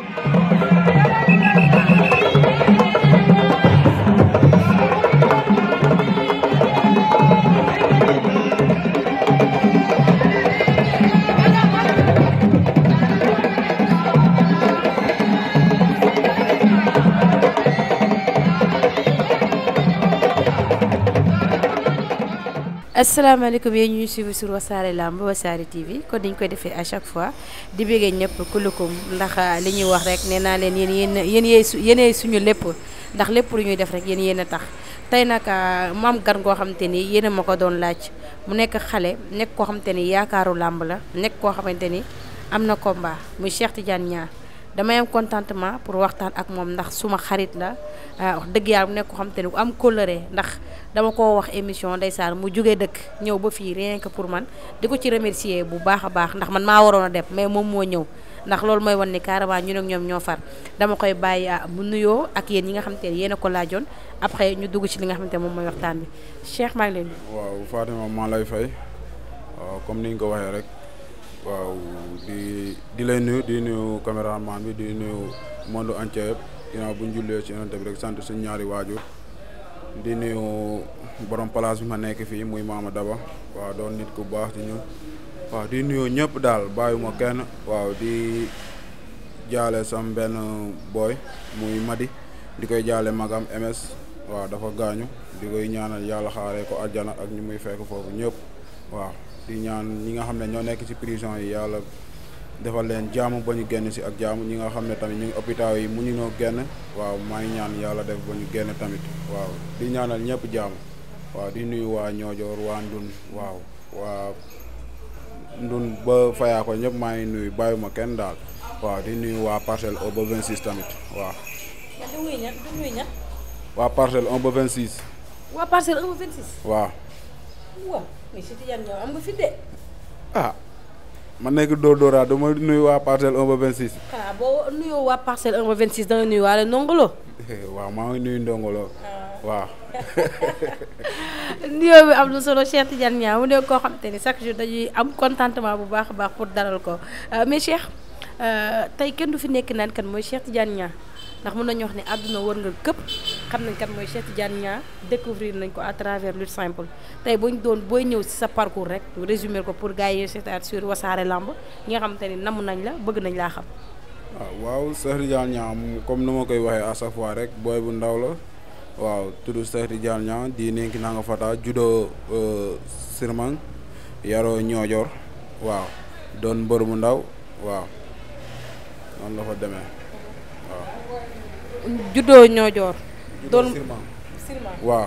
Thank you. asalaamaaleykum yéen ñuy suivre sur Wassare Lamb Wassare TV kon niñ koy defee à chaque fois di béggee ñëpp kulukum ndax ah, li ñuy wax rek nee naa leen yéen yéen yéen yéen su yenee suñu lépp ndax lépp lu ñuy def rek yéen yéen a tax tey nag ah, maam gan goo xamante ni yéen a ma ko doon laaj mu nekk xale nekk koo xamante ni yaakaaru làmb la nekk koo xamante ni am na combat muy Cheikh Tidiane Niang damay am contentement pour waxtaan ak moom ndax suma xarit la euh, wax dëgg yàlla mu nekk ko xam te ne ku am coloré ndax dama ko wax émission ndeysaan mu jógee dëkk ñëw ba fii rien que pour man di ko ci remercier bu baax a baax ndax man maa waroon a dem mais moom moo ñëw ndax loolu mooy wan ni carrément ñun ak ñoom ñoo far dama koy bàyyi euh, mu nuyoo ak yéen ñi nga xam te ne yéen a ko laajoon après ñu dugg ci li nga xamante moom mooy waxtaan bi Cheikh maa ngi leen waaw Fatima maa lay fay euh, comme ni ko waxee waaw di di lay nuyu di nuyu caméraman bi di nuyu monde entier ginnaaw bu ñu jullee ci yonent bi rek sant suñu ñaari waajur di nuyu borom place bi ma nekk fii muy Maama Daba waaw doon nit ku baax ci ñun waaw di nuyu ñëpp daal bàyyiwuma kenn waaw di jaale sam benn booy muy Madi di koy jaale magam MS waaw dafa gaañu di koy ñaanal yàlla xaaree ko àjjana ak ñu muy fekk foofu ñëpp waaw di ñaan ñi nga xam ne ñoo nekk ci prison yi yàlla defal leen jaamu ba ñu génn si ak jaamu ñi nga xam ne tamit ñu ngi hôpital yi mu ñu noo génn waaw maa ngi ñaan yàlla def ba ñu génn tamit waaw di ñaanal ñëpp jaamu waaw di nuyu waa ñoojoor waa ndun waaw waa ndun ba fayaa ko ñëpp maa ngi nuyu bàyyuma kenn daal waaw di nuyu waa parcelle au ba 26 tamit waaw. ba 26. waa waaw. mais si Tidiane ñëw am nga fi de. ah ma nekk Dóor Dóoraa dama nuyu waa parcelle 1 ba 26. ah boo nuyoo waa parcelle 1 ba 26 danga nuyu waale Ndongolo. Eh, waaw maa ngi nuyu Ndongolo. Ah. waaw. nuyoo bi am na solo Cheikh Tidiane Niang mu ne koo xam te ni chaque jour dañuy am contentement bu baax a baax pour daral ko euh, mais Cheikh euh, tey kenn du fi nekk naan kan mooy Cheikh Tidiane Niang. ndax mën nañu wax ni àdduna wër nga këpp xam nañ kat mooy Cheikh Tidiane Niang découvrir nañ ko à travers lutte simple tey boo ñu doon booy ñëw si sa parcours rek résumer ko pour gars yi seetaat sur Wassare Lamb ñi nga xam te ni namm nañ la bëgg nañ laa xam. waaw ah, waaw Cheikh Tidiane comme nu ma koy waxee à chaque fois rek booy bu ndaw la waaw tudd Cheikh Tidiane di nekk naa nga fata judo euh, Sirmang yaroo Niodior waaw doon mbër mu ndaw waaw noonu la fa demee waaw. juddoo ñoojoor. waaw.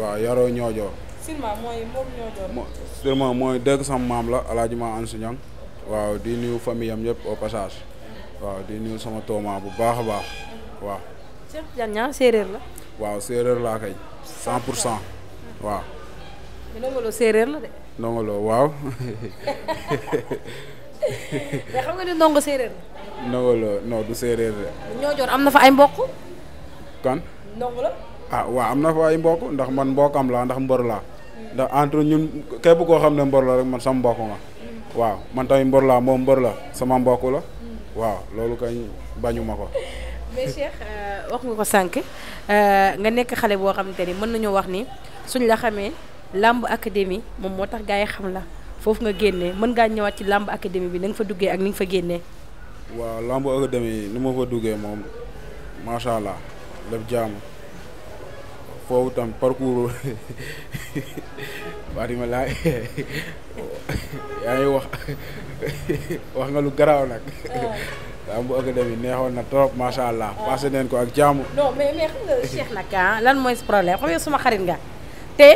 waaw yaroo ñoojoor. Silema mooy moom ñoojoor. mo Silema mooy dëgg sama maam la El Hadj Ma waaw di nuyu famille am yëpp au passage. waaw di nuyu sama tooma bu baax a baax. waaw. séeréer la. waaw séeréer laa kay. 100 pour cent waaw. mais Ndongo séeréer la de. Ndongo waaw. Nawala non du séeréer de. ñoo jor am na fa ay mbokk. kan. ndongo la. ah waaw am na fa ay mbokk ndax man mbokkam la ndax mbor laa. ndax entre ñun képp koo xam ne mbor la rek man sama mbokk waaw man tamit mbor laa moom la sama mbokk la. waaw loolu kañ bañu ko. mais euh, wax nga ko sànq euh, nga nekk xale boo xamante ni mën nañoo wax ni suñ la xamee làmb académie moom moo tax gars yi xam la foofu nga génnee mën ngaa ñëwaat ci làmb académie bi na nga fa duggee ak ni nga fa génnee. waaw lamb académie ni ma fa duggee moom macha allah lépp jaam foofu tam parcours Fatima laa yaa ngi wax wax nga lu garaaw nag. Ah. lamb académie neexoon na trop macha allah. Ah. passé neen ko ak jaamu. non mais mais xam nga Cheikh nag ah, lan mooy problème xam nga suma xarit nga te.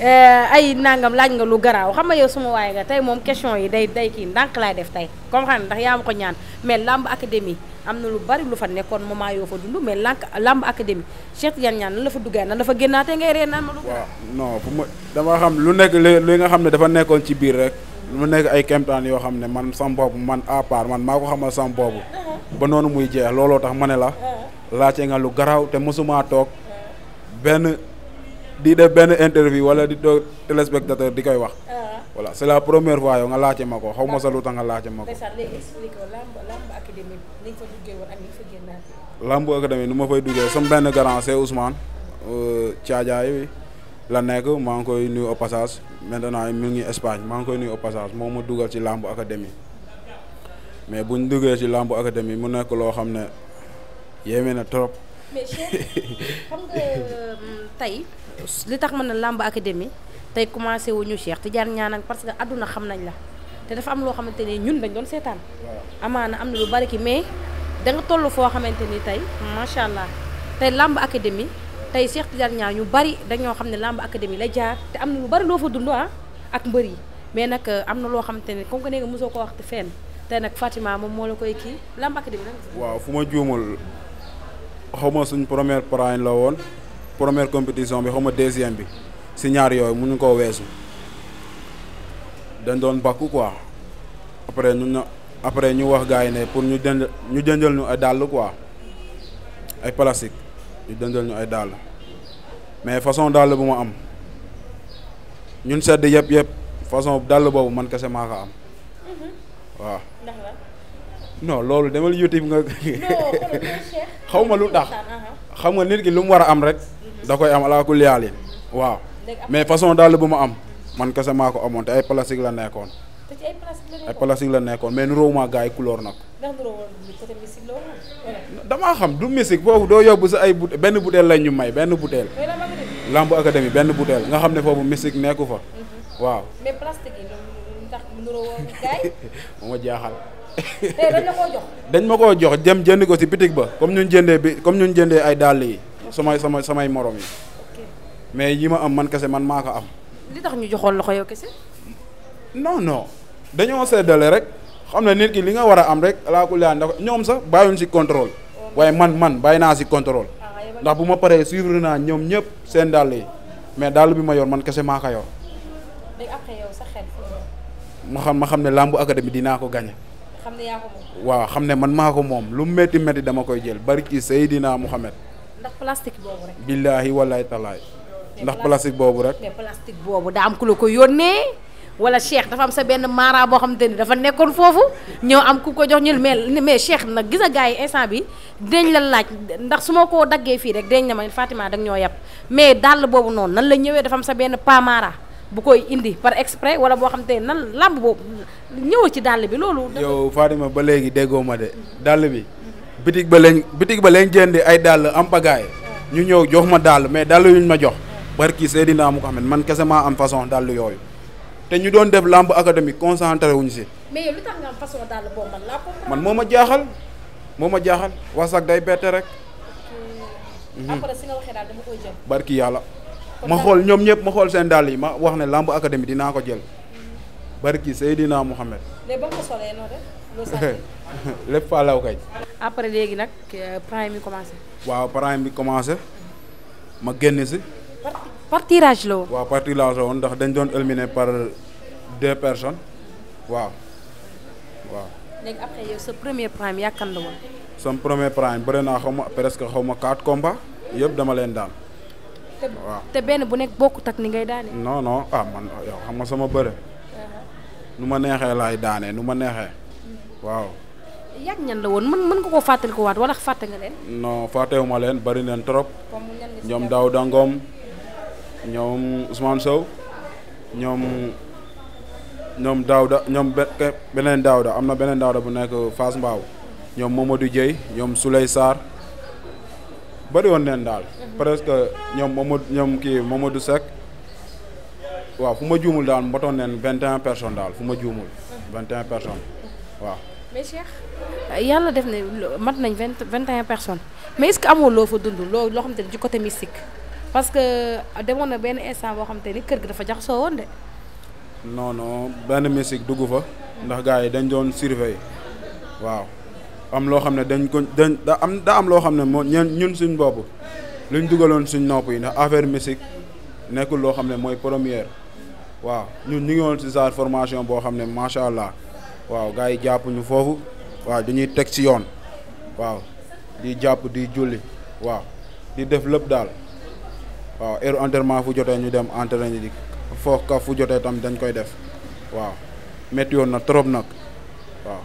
Eh, ay nangam laaj nga lu garaaw xam nga yow suma waaye nga tey moom question yi day day kii ndànk laay def tey comme xam ne ndax yaa ma ko ñaan mais làmb académie am na lu bari lu fa nekkoon moment yoo fa dund mais lànk làmb académie Cheikh Tidiane Niane nan la fa duggee nan la fa génnaatee ngay ree naan ma xam lu nekk li nga xam ne dafa nekkoon ci biir rek lu nekk ay kemtaan yoo xam ne man sam bopp man à part man maa ko xamal sam boobu ba noonu muy jeex looloo tax ma ne la uh-huh. laajte nga lu garaaw te mosumaa toog benn di def benn interview wala di toog téléspectateur di koy wax. Ah. voilà c'est la première fois yow nga laajte ma ko xaw ma sa lu tax nga laajte ma ko. léegi expliqué lamb lamb académie ni nu ma fay duggee sama benn grand c'est Ousmane euh, Thiadiaye la nekk maa ngi koy nuyu au passage maintenant mu ngi Espagne maa ngi koy nuyu au passage moom ma dugal ci lamb académie mais buñ duggee ci lamb académie mu nekk loo xam ne yéeme na trop. mais xam euh, tey li tax mën na làmb académie tey commencé wuñu Cheikh Tidiane ñaanal parce que àdduna xam nañ la te dafa am loo xamante ne ñun dañ doon seetaan. amaana am na lu bari ki mais da nga toll foo xamante nii tey macha allah tey làmb académie tey Cheikh Tidiane ñaar ñu bari dañoo xam ne làmb académie lay jaar te am na lu bari loo fa dund ah ak mbër yi mais nag euh, am na loo xamante ne comme que nee nga mosoo ko wax te fenn tey nag Fatima moom moo la koy kii làmb académie la. waaw fu ma juumal xaw ma suñ première parrain la woon première compétition bi xaw ma deuxième bi si ñaar yooyu mënuñ koo weesu dañ doon bakku quoi après ñu na après ñu wax gars yi ne pour ñu jënd ñu jëndal ñu ay dàll quoi ay plastique ñu jëndal ñu ay dàll mais façon dàll bu ma am ñun sedd yëpp yëpp façon dàll boobu man kese maa ko am mhm. waaw. no loolu demal youtube nga. xaw ma lu tax. xam nga nit ki lu mu war a am rek. Mhm. da koy am alaa kulli waaw. mais façon dàll bu ma am. man kese maa ko amoon te ay plastique la nekkoon. te ay plastique la nekkoon mais niróo maa gars yi nag. damaa xam du musique foofu doo yóbbu si ay but benn butéel lañ ñu may benn butéel. lamb académie benn butéel nga xam ne foofu musique nekku fa. Mhm. waaw mais plastique jaaxal. tey eh, dañ ma ko jox dem jënd ko ci bitig ba comme ñun jëndee bi comme ñun jëndee ay dàll yi. samay samay samay morom yi. mais yi ma am man kese man maa ko am. li ñu joxoon loxo yow kese. non non dañoo seddale rek xam ne nit ki li nga war a am rek alaakulaa ndax ñoom sax bàyyiwuñ si contrôle. waaye man man bàyyi naa si control ah, ndax bu ma paree suivre naa ñoom ñëpp seen dàll yi mais dàll bi ma yor man kese maa ko yor. ma xam ma xam ne làmbu académie dinaa ko gagné. xam ne yaa ko waaw xam ne man maa ko moom lu metti métti dama koy jël bari ci Seydina Mouhamed. ndax plastique boobu rek. billaahi walaay talaay. ndax plastique boobu rek. mais boobu daa am ku la ko yónnee. wala Cheikh dafa am sa benn mara boo xamante ni dafa nekkoon foofu ñëw am ku ko jox ñu mais mais Cheikh nag gis nga gars yi instant bi dañ la laaj ndax su ma koo daggee fii rek dañ ne ma Fatima da ñoo yab mais dàll boobu noonu nan la ñëwee dafa am sa benn pa mara. bu koy indi par exprès wala boo xam te nan làmb boobu ñëw ci dàll bi loolu. yow Fadima ba léegi déggoo ma de dàll bi bitig ba leen bitig ba leen jëndi ay dàll am pagaay ñu ñëw jox ma dàll mais dàll yuñ ma jox barki Seydina Muhammad man kese maa am façon dàll yooyu te ñu doon def làmb académique concentré wuñ si. mais yow lu man laa ko. man moo ma jaaxal moo ma jaaxal wasak day bette rek. Mhm. après barki yàlla. ma xool ñoom ñëpp ma xool seen dàll yi ma wax ne lamb académie dinaa ko jël barki Seydina Mouhamed. léegi ba nga ko lépp faalaw kay. après léegi nag euh, prime bi waaw prime bi commencé ma génn si. par tirage la woon. waaw par la woon ndax dañ doon éliminé par deux personnes waaw waaw. léegi après yow sa premier prime yàkkan la woon. sama premier prime bëri naa xaw ma presque xaw ma quatre combats yëpp dama leen daan. waaw te benn bu nekk bokk ak ni ngay daane. non non ah man yow xam nga sama bëre. Uh-huh. nu ma neexee laay daane nu ma neexee. Mm. waaw. yàgg ñan la woon mën mën nga koo fàttali ko waat fàtte nga leen. non fàttewuma leen bari leen trop. ñoom Daw Dangom ñoom Ousmane Sow ñoom ñoom Daouda ñoom beneen Daouda am na beneen da bu nekk fas mbaaw ñoom Momadou Dieye ñoom Souley Sarr. bëri woon neen daal. presque ñoom Mamadou ñoom kii Mamadou Seck waaw fu ma juumul daal mbatoon neen vingt et un daal fu ma juumul. vingt et un waaw. mais Cheikh yàlla def ne mat nañ vingt vingt et un personnes mais est-ce amoo loo fa dund loo loo xamante ni ci côté mystique parce que demoon na benn instant boo xamante ni kër gi dafa jaxasoo woon de. non non benn mystique dugg fa. ndax gars yi dañ doon surveiller waaw. am loo xam ne dañ ko dañ da am da am loo xam ne moo ñun suñ bopp luñ dugaloon suñ nopp yi ndax affaire musique nekkul loo xam ne mooy première waaw ñun ñu ngi woon si genre formation boo xam ne macha allah waaw gars yi jàpp ñu foofu waaw dañuy teg si yoon waaw di jàpp di julli waaw di def lépp daal waaw heure entraînement fu jotee ñu dem entraîné di foo ka fu jotee tam dañ koy def waaw métti woon na trop nag waaw.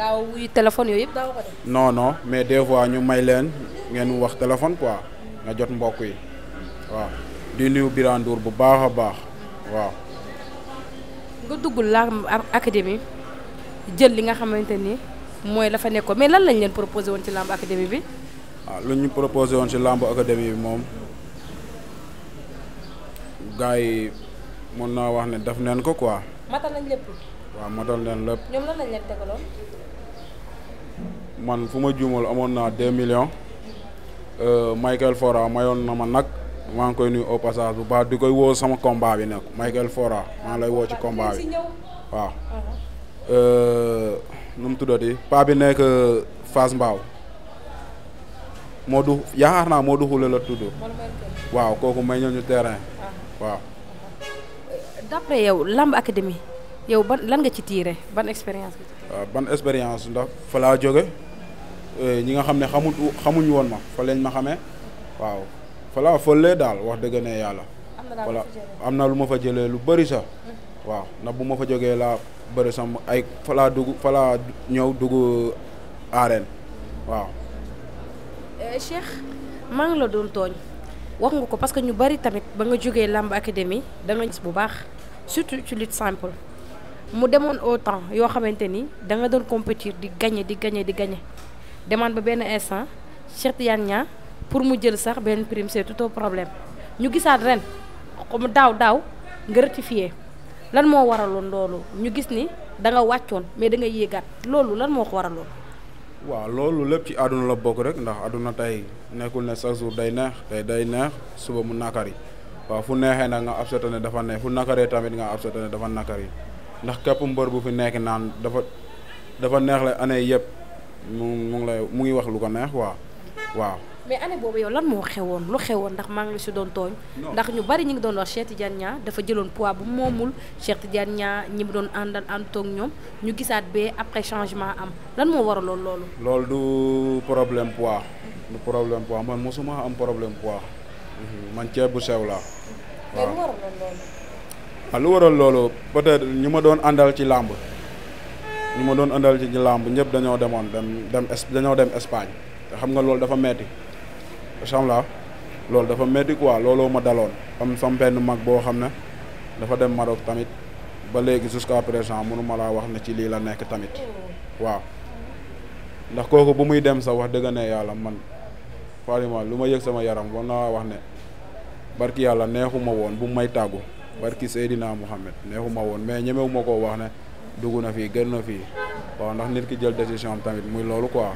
daaw wuyu téléphone yooyu yëpp daaw def. non mais des fois ñu may leen ngeen wax téléphone quoi nga jot mbokk yi waaw di nuyu Birane bu baax a baax waaw. nga dugg làmb académie jël li nga xamante ni mooy dafa fa mais lan lañ leen proposé woon ci làmb académie bi. waaw ah, lu ñu proposé woon ci làmb académie bi moom gars yi mën naa wax ne def neen ko quoi. matal nañ waaw matal nañ lépp. leen tegaloon. man fu ma juumal amoon naa deux millions euh, Michael Fora mayoon na ma nag maa ngi koy nuyu au bu baax di koy woo sama combat bi nekk Michael Fora maa lay woo ci combat bi waaw euh, nu mu tuddati paa bi nekk euh, Fass Mbao moo du yaakaar naa moo du xule la tudd waaw kooku may ñëw ñu terrain waaw d'après yow Lamb Académie yow ban lan nga ci tiire ban expérience waaw ban expérience ndax fa laa jóge Euh, ñi nga xam ne xamut xamuñ woon ma fa leen ma xamee waaw voilà fële daal wax dëgg ne yàlla. voilà am na lu ma fa jëlee lu bëri sax. Mm. waaw ndax bu ma fa jógee laa bëri sama ay fa laa dugg fa laa ñëw dugg arène waaw. Euh, Cheikh maa la doon tooñ wax nga ko parce que ñu bari tamit ba nga jógee làmb Académie da nga gis bu baax surtout ci lutte simple mu demoon au temps yoo xamante ni da nga doon compétir di gagné di gañe di gagné. demaan ba benn instant Cheikh Tidiane Niang pour mu jël sax benn prime c'est tout un problème ñu gisaat ren comme daaw daaw nga rectifié lan moo waraloon loolu ñu gis ni danga nga wàccoon mais da nga yéegaat loolu lan moo ko waraloon. waaw loolu lépp ci àdduna la bokk rek ndax àdduna tey nekkul ne chaque jour day neex tey day neex suba mu nakari waaw fu neexee nag nga absente ne dafa neex fu nakaree tamit nga absente ne dafa nakari ndax képp mbër bu fi nekk naan dafa dafa neex la année yëpp. mu mu ngi lay mu ngi wax lu ko neex waaw waaw. mais année boobu yow lan moo xewoon lu xewoon ndax maa ngi la si doon tooñ. ndax ñu bari ñu ngi doon wax Cheikh Tidiane Niang dafa jëloon bu moomul Cheikh Tidiane Niang ñi mu doon àndal ànd toog ñoom ñu gisaat ba après changement am lan moo waraloon loolu. lool du problème poids. du problème poids man mosuma am problème poids. Mhm, man ceeb bu sew laa. waaw ah, lu waral loolu. ah ñu ma doon àndal ci làmb. ñu ma doon andal ci ci làmb ñëpp dañoo demoon dem dem dañoo dem Espagne te xam nga loolu dafa metti inchallah loolu dafa metti quoi looloo ma daloon am sam benn mag boo xam ne dafa dem Maroc tamit ba léegi jusqu'à présent mënu ma laa wax ne ci lii la nekk tamit waaw ndax kooku bu muy dem sa wax dëgg ne yàlla man farima lu ma yëg sama yaram war naa wax ne barki yàlla neexuma woon bu may tàggu barki Seydina Mouhamed neexuma woon mais ñemewu ma koo wax ne dugg na fii gën na fii waaw ndax nit ki jël décision am tamit muy loolu quoi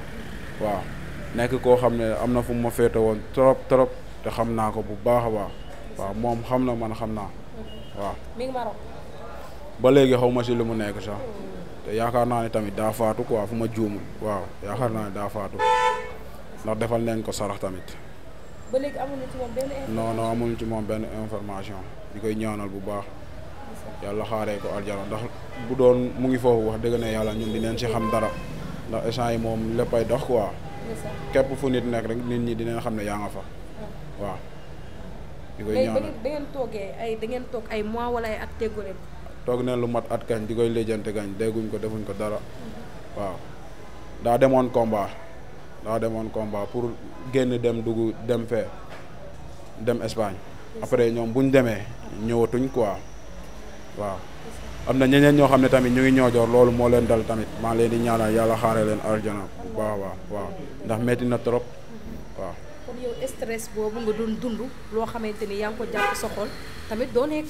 waaw nekk koo xam ne am na fu ma féete woon trop trop te xam naa ko bu baax a baax waaw moom xam na man xam naa waaw. ba léegi xaw ma si lu mu nekk sax te yaakaar naa ne tamit daa faatu quoi fu ma juumul waaw yaakaar naa ne daa faatu ndax defal nañ ko sarax tamit. ba léegi amuñu ci moom benn information. non di koy ñaanal bu baax. yàlla xaaree ko aljana ndax bu doon mu ngi foofu wax dëgg ne yàlla ñun di dinañ si xam dara ndax échange yi moom ay dox quoi. képp fu nit nekk rek nit ñi dinañ xam ne yànga fa. waaw. koy ñaanal da ngeen toog mois wala toog neen lu mat at kañ di koy léjante kañ dégguñ ko defuñ ko dara. Mm-hmm. waaw daa demoon combat daa demoon combat pour génn dem dugg dem fee dem Espagne. après ñoom bu demee ñëwatuñ quoi. waaw am na ñeneen ñoo xam ne tamit ñu ngi ñoojoor loolu moo leen dal tamit maa leen di ñaanal yàlla xaare leen arjana bu baax waaw waaw ndax metti na trop waaw doon dund loo xamante ni yaa ko jàpp sa tamit doo nekk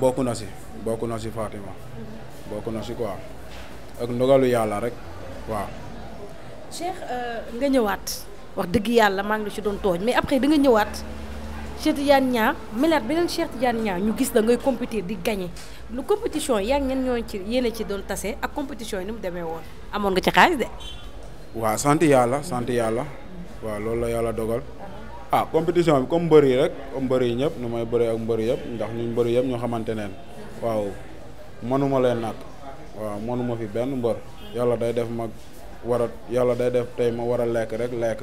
bokk na si bokk na si Fatima bokk na si quoi ak ndogalu yàlla rek waaw Cheikh euh, nga ñëwaat wax dëgg yàlla maa ngi la ci doon tooñ mais après da nga ñëwaat Cheikh Tidiane Niang milaat beneen Cheikh Tidiane Niang ñu gis la ngay compétir di gagné lu compétition yi yaa ngeen ñoo ci yéen ci doon tase ak compétition yi ni mu demee woon amoon nga ci xaalis de. waaw sant yàlla sant yàlla waa loolu la yàlla dogal ah compétition bi comme mbër yi rek comme mbër yi ñëpp nu may bëree ak mbër yëpp ndax ñu mbër yëpp ñoo xamante neen waaw mënuma leen nag waaw mënuma fi benn mbër yàlla day def mag war a yàlla day def tey ma war a lekk rek lekk.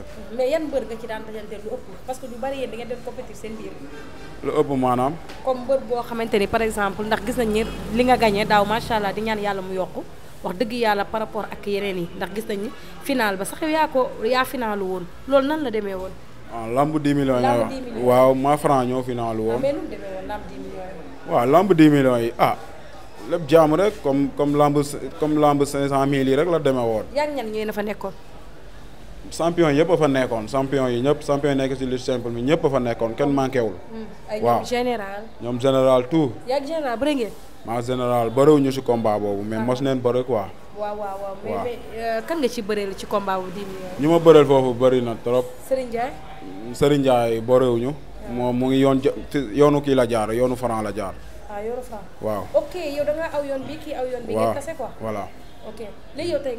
lu ëpp maanaam. comme mbër boo xamante ni par exemple ndax gis nañ li nga gagné daaw macha allah di ñaan yàlla mu yokk wax dëgg yàlla par rapport ak yeneen yi ndax gis nañ ni final ba sax yaa ko yaa finalu woon loolu nan la demee woon. ah lamb 10 millions. lamb 10 millions waaw maa franc ñoo finalu ah, woon. waaw mais nu mu yi ah. lépp jaamu rek comme comme lamb comme lamb cinq cent mille rek la demee woon. yaa ngi ñan fa nekkoon. champion yëpp a fa nekkoon champion yi ñëpp champion yi nekk ci lutte simple bi ñëpp a fa nekkoon kenn oh. manqué hmm. waaw ñoom général. ñoom général tout. yaa ngi général bëri ngeen. maa général bëriwuñu ci combat boobu mais ah. mos neen bëri quoi. waaw waaw waaw mais mais euh, kan nga ci bëreel ci combat bu di ñu ma bëreel foofu bëri na trop. Serigne Ndiaye. Serigne Ndiaye ah. moom mu ngi yoon yoonu kii la jaar yoonu Franc la jaar. ah Yoro Fra. waaw ok yow da ngaa aw yoon tase quoi voilà. ok léegi yow tey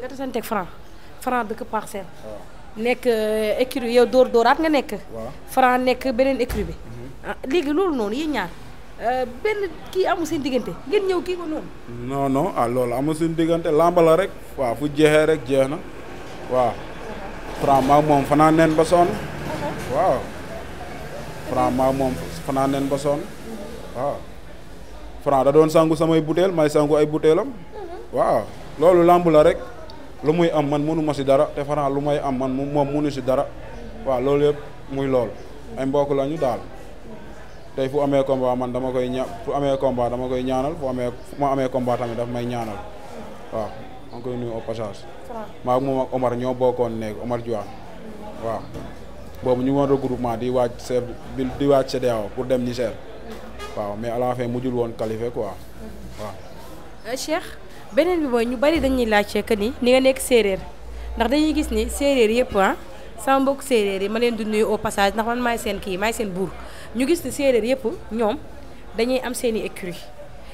nekk euh, écurie yow dóor dóoraat nga nekk. waaw nekk beneen écurie bi. Mhm. ah léegi loolu noonu yéen ñaar euh, benn kii amul seen diggante ngeen ñëw kii ko noonu. non non ah loolu amul seen diggante làmb rek. waaw fu jeexee rek jeex na waaw. Uh-huh. Franc maag moom fanaa ba sonn. Uh-huh. waaw. Franc maag moom fanaa ba sonn uh-huh. waaw. Franc da doon sangu samay butéel may sangu ay butéelam waaw loolu làmb la rek lu muy am man mënu si dara te Franc lu may am man moom mënu si dara waaw loolu yëpp muy loolu ay mbokk la ñu daal amee combat man dama koy ña fu amee combat koy ñaanal fu amee fu amee combat tamit daf may ñaanal waaw maa ngi koy nuyu au passage. maa moom ak Omar ñoo bokkoon nekk Omar Diouane waaw boobu ñu woon regroupement di waaj chef di waaj CEDEAO pour dem Niger. waaw mais à la fin mujjul woon qualifié quoi waaw. Euh, Cheikh beneen bi mooy ñu bari dañuy laajte que ni ni nga nekk séeréer ndax dañuy gis ni séeréer yëpp ah sama mbokk séeréer yi ma leen di nuyu au passage ndax man maay seen kii maay seen buur ñu gis ni séeréer yëpp ñoom dañuy am seeni i écurie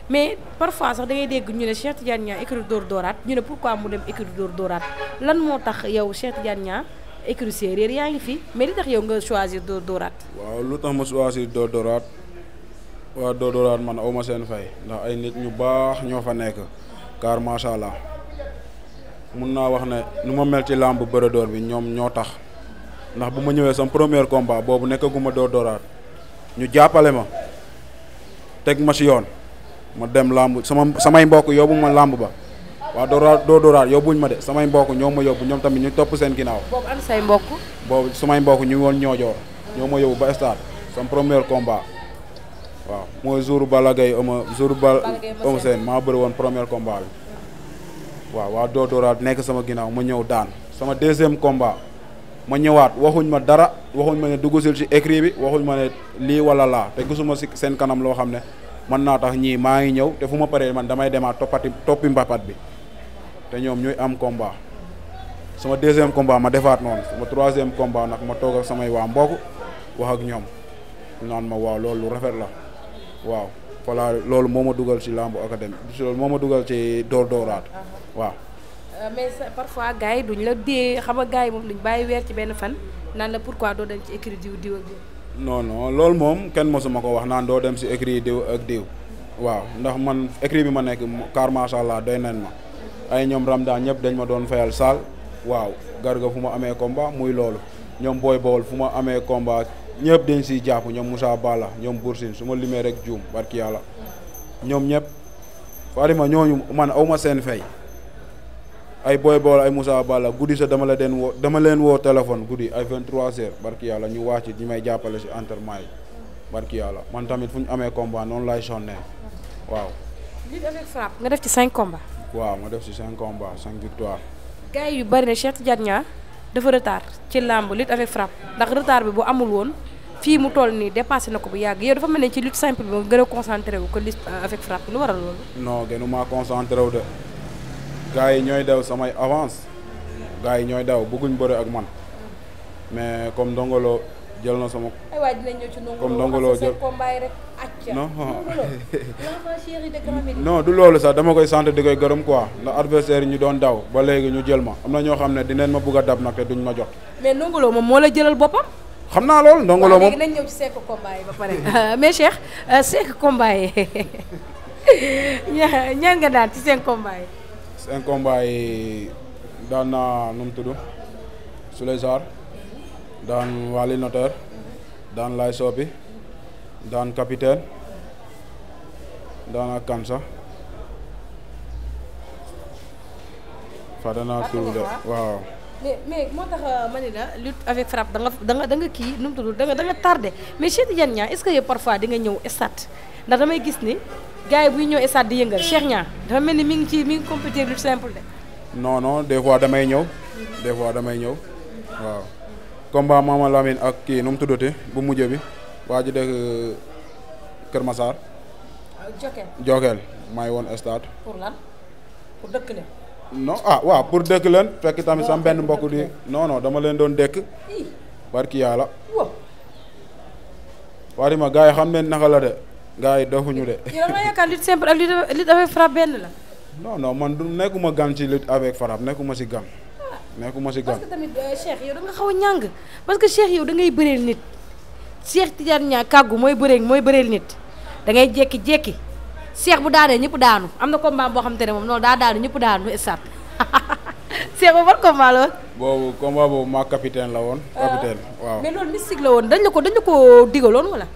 mais parfois sax da ngay dégg ñu ne Cheikh Tidiane Niang écurie Dóor Dóoraat ñu ne pourquoi mu dem écurie Dóor Dóoraat lan moo tax yow Cheikh Tidiane Niang écurie séeréer yaa ngi fi mais li tax yow nga choisir Dóor Dóoraat. waaw lu tax waa Dóodoraat man awma seen fay ndax ay nit ñu baax ñoo fa nekk car macha allah mun naa wax ne nu ma mel ci làmb bëredoor bi ñoom ñoo tax ndax bu ma ñëwee sama premier combat boobu nekkaguma Dóodoraat ñu jàppale ma teg ma ci yoon ma dem làmb sama samay mbokk yóbbu ma làmb ba waa Dóodoraat Dóodoraat yóbbuñ ma de samay mbokk ñoo ma yóbbu ñoom tamit ñu topp seen ginnaaw. boobu mbokk. boobu samay mbokk ñu woon ñoo joor ñoo ma yóbbu ba stade sama premier combat. waaw mooy jour Balla Gaye ama jour Balla Ama Sène maa waaw waa Doodoraat nekk sama ginnaaw ma ñëw daan sama deuxième komba ma ñëwaat waxuñ ma dara waxuñ ma ne duggusil si écrit bi waxuñ ma ne lii wala laa te gisuma si seen kanam loo xam ne mën naa tax ñii maa ngi ñëw te fu ma paree man damay demaat toppati toppi mbapat bi te ñoom ñuy am combat sama deuxième combat ma defaat noonu sama troisième combat nag ma toog ak samay waa mbokk wax ak ñoom naan ma waaw loolu rafet la waaw voilà loolu moo ma dugal ci lambu académique loolu moo ma dugal ci door dooraat waaw. Euh, mais parfois gars yi duñ la dee xam nga gars yi moom duñ bàyyi weer ci benn fan naan la pourquoi doo dem ci écrit diw diw ak diw. loolu moom kenn mosuma ko wax naan doo dem ci écrit diw ak diw. waaw ndax man écrit bi ma nekk car macha allah doy nañ ma ay ñoom Ramadan ñëpp dañ ma doon fayal saal waaw garga fu ma amee combat muy loolu ñoom booy bool fu ma amee combat ñëpp dañ siy jàpp ñoom Moussa Balla ñoom Boursine su ma limee rek juum barki yàlla ñoom ñëpp farima ñooñu man awma seen fay ay booy bool ay Moussa Balla guddi sa dama la den woo dama leen woo téléphone guddi ay 23 heures barki ñu ñu wàcc ñi may jàppale si entraînement yi barki man tamit fu ñu amee combat noonu lay sonné waaw. lutte avec nga def ci 5 combats. waaw ma def ci 5 combats 5 victoires. gars yu bari na Cheikh Tidiane Niang dafa retard ci làmb lutte avec frappe ndax retard bi bu amul woon fii mu toll nii dépassé na ko bu yàgg yow dafa mel ne ci lutte simple bi nga gën a concentré wu que lutte euh, avec frappe lu waral loolu. non gënu maa concentré wu de gars yi ñooy daw samay avance gars yi ñooy daw bëgguñ bëre ak man mais comme Ndongo jël na sama. aywa dinañ ñëw ci comme ndongoloo jël non non du loolu sax dama koy sant di koy gërëm quoi ndax adversaire yi ñu doon daw ba léegi ñu jël ma am na ñoo xam ne dinañ ma bugg a dab nag te duñ ma jot. mais ndongoloo moom moo la jëlal boppam. xam naa loolu ndongoloo moom waaw léegi nañ ñëw ci Seck combat yi ba pare euh, mais Cheikh euh, Seck combat yi ñaan nga daan ci seen combat yi. seen combat yi daan naa nu mu tudd Souley Sarr daan Waly Notaire daan Lay Sopi daan capitaine daan ak kan sax fàtte de waaw. Ah. mais moo tax euh, ma ne avec frappe da nga da kii nu mu tudd da nga da nga tardé mais Cheikh Tidiane Niang est-ce que di nga ñëw stade ndax damay gis ni gars yi buy ñëw stade di yëngal Cheikh Niang dafa mel ni mi ngi ci mi ngi compétir lutte simple de. non non damay ñëw. des damay ñëw waaw. combat Mama Lamine ak kii nu mu tuddati bu mujj bi waa ji dëkk euh, Kër Massar. Euh, Jokal Jokal maa ngi woon stade. pour lan pour dëkk leen. Ah, fekk tamit sam benn mbokk di non dama leen doon dëkk. barki yàlla. waaye ma gars yi xam ne naka de gars yi dofuñu de. yow ma yaakaar lutte ak lutte avec frappe benn la. non man du nekkuma gan ci lutte avec frappe nekkuma si gan. nekku ma si gan parce euh, yow da xaw a ñàng parce que Cheikh yow da ngay bëreel nit Cheikh Tidiane ñaa kàggu mooy bëreel mooy bëreel nit da ngay jékki-jékki Cheikh bu daanee ñëpp daanu am na combat boo xam te ne moom noonu daa daanu ñëpp daanu stade Cheikh ba ban combat la woon. boobu combat boobu maa capitaine la woon. Ah. capitaine waaw mais loolu mystique la woon dañ la ko dañ la ko digaloon wala.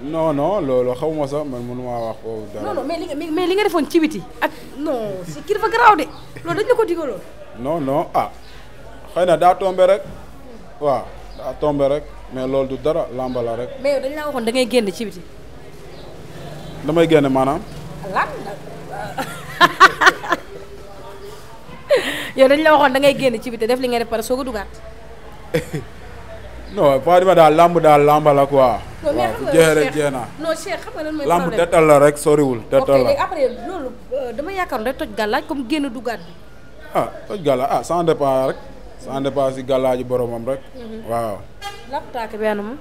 non non loolu xawma sax man mënu maa wax foofu dara. non non li nga defoon ci biti ak non si kii dafa garaaw de loolu dañ la ko digaloon. non non ah, xëy na daa tombe rek waaw daa tombé rek mais loolu du dara làmba la rek. mais yow dañu la waxoon da ngay génn ci biti. damay génn maanaam. lan yow dañu waxoon da ngay génn ci def li nga def pare soo ko dugaat. non Fadima daal làmb daal làmba la quoi. waaw bu jeexee rek jeex naa. non Cheikh xam nga lan mooy làmb detal la rek soriwul. detal la ok après loolu euh, dama toj gàllaaj comme génn dugaat bi. ah toj gàllaaj ah sans dépend rek. sans dépasse si boromam rek. Mhm. waaw. lapp taake benn moom.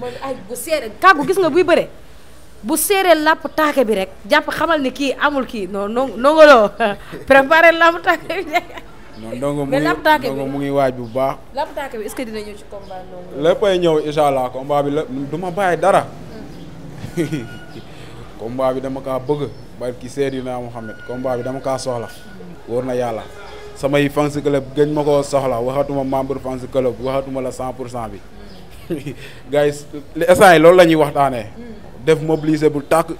moom ay bu gis nga buy bëre. bu seeree làpp taake bi rek jàpp xamal ni kii amul kii non non nongoloo préparé làpp taake bi rek. non mu ngi ndongo mu waaj bu baax. làpp taake bi est-ce que ñëw ci combat bi la du ma bàyyi dara. Mm. combat bi dama kaa bëgg barki Seydina Mohamed combat bi dama kaa soxla. Mm. wóor na yàlla samay fans club gëñ ma ko soxla waxatuma membre fans club waxatuma la cent pour cent bi guys li instant yi loolu la ñuy waxtaanee hmm. def mobilisé bul tàkk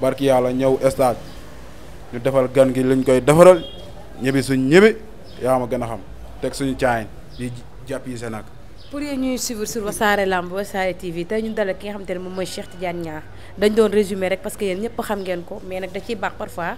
barki yàlla ñëw stade ñu defal gan gi lañ koy defaral ñebe suñ ñebe yaa ma gën a xam teg suñu caayin di jàpp yi seen nag pour yéen ñuy suivre sur Wassare Lamb Wassare TV tey ñu dalal ki nga xamante ne moom mooy Cheikh Tidiane Niang dañ doon résumé rek parce que yéen ñëpp xam ngeen ko mais nag da baax parfois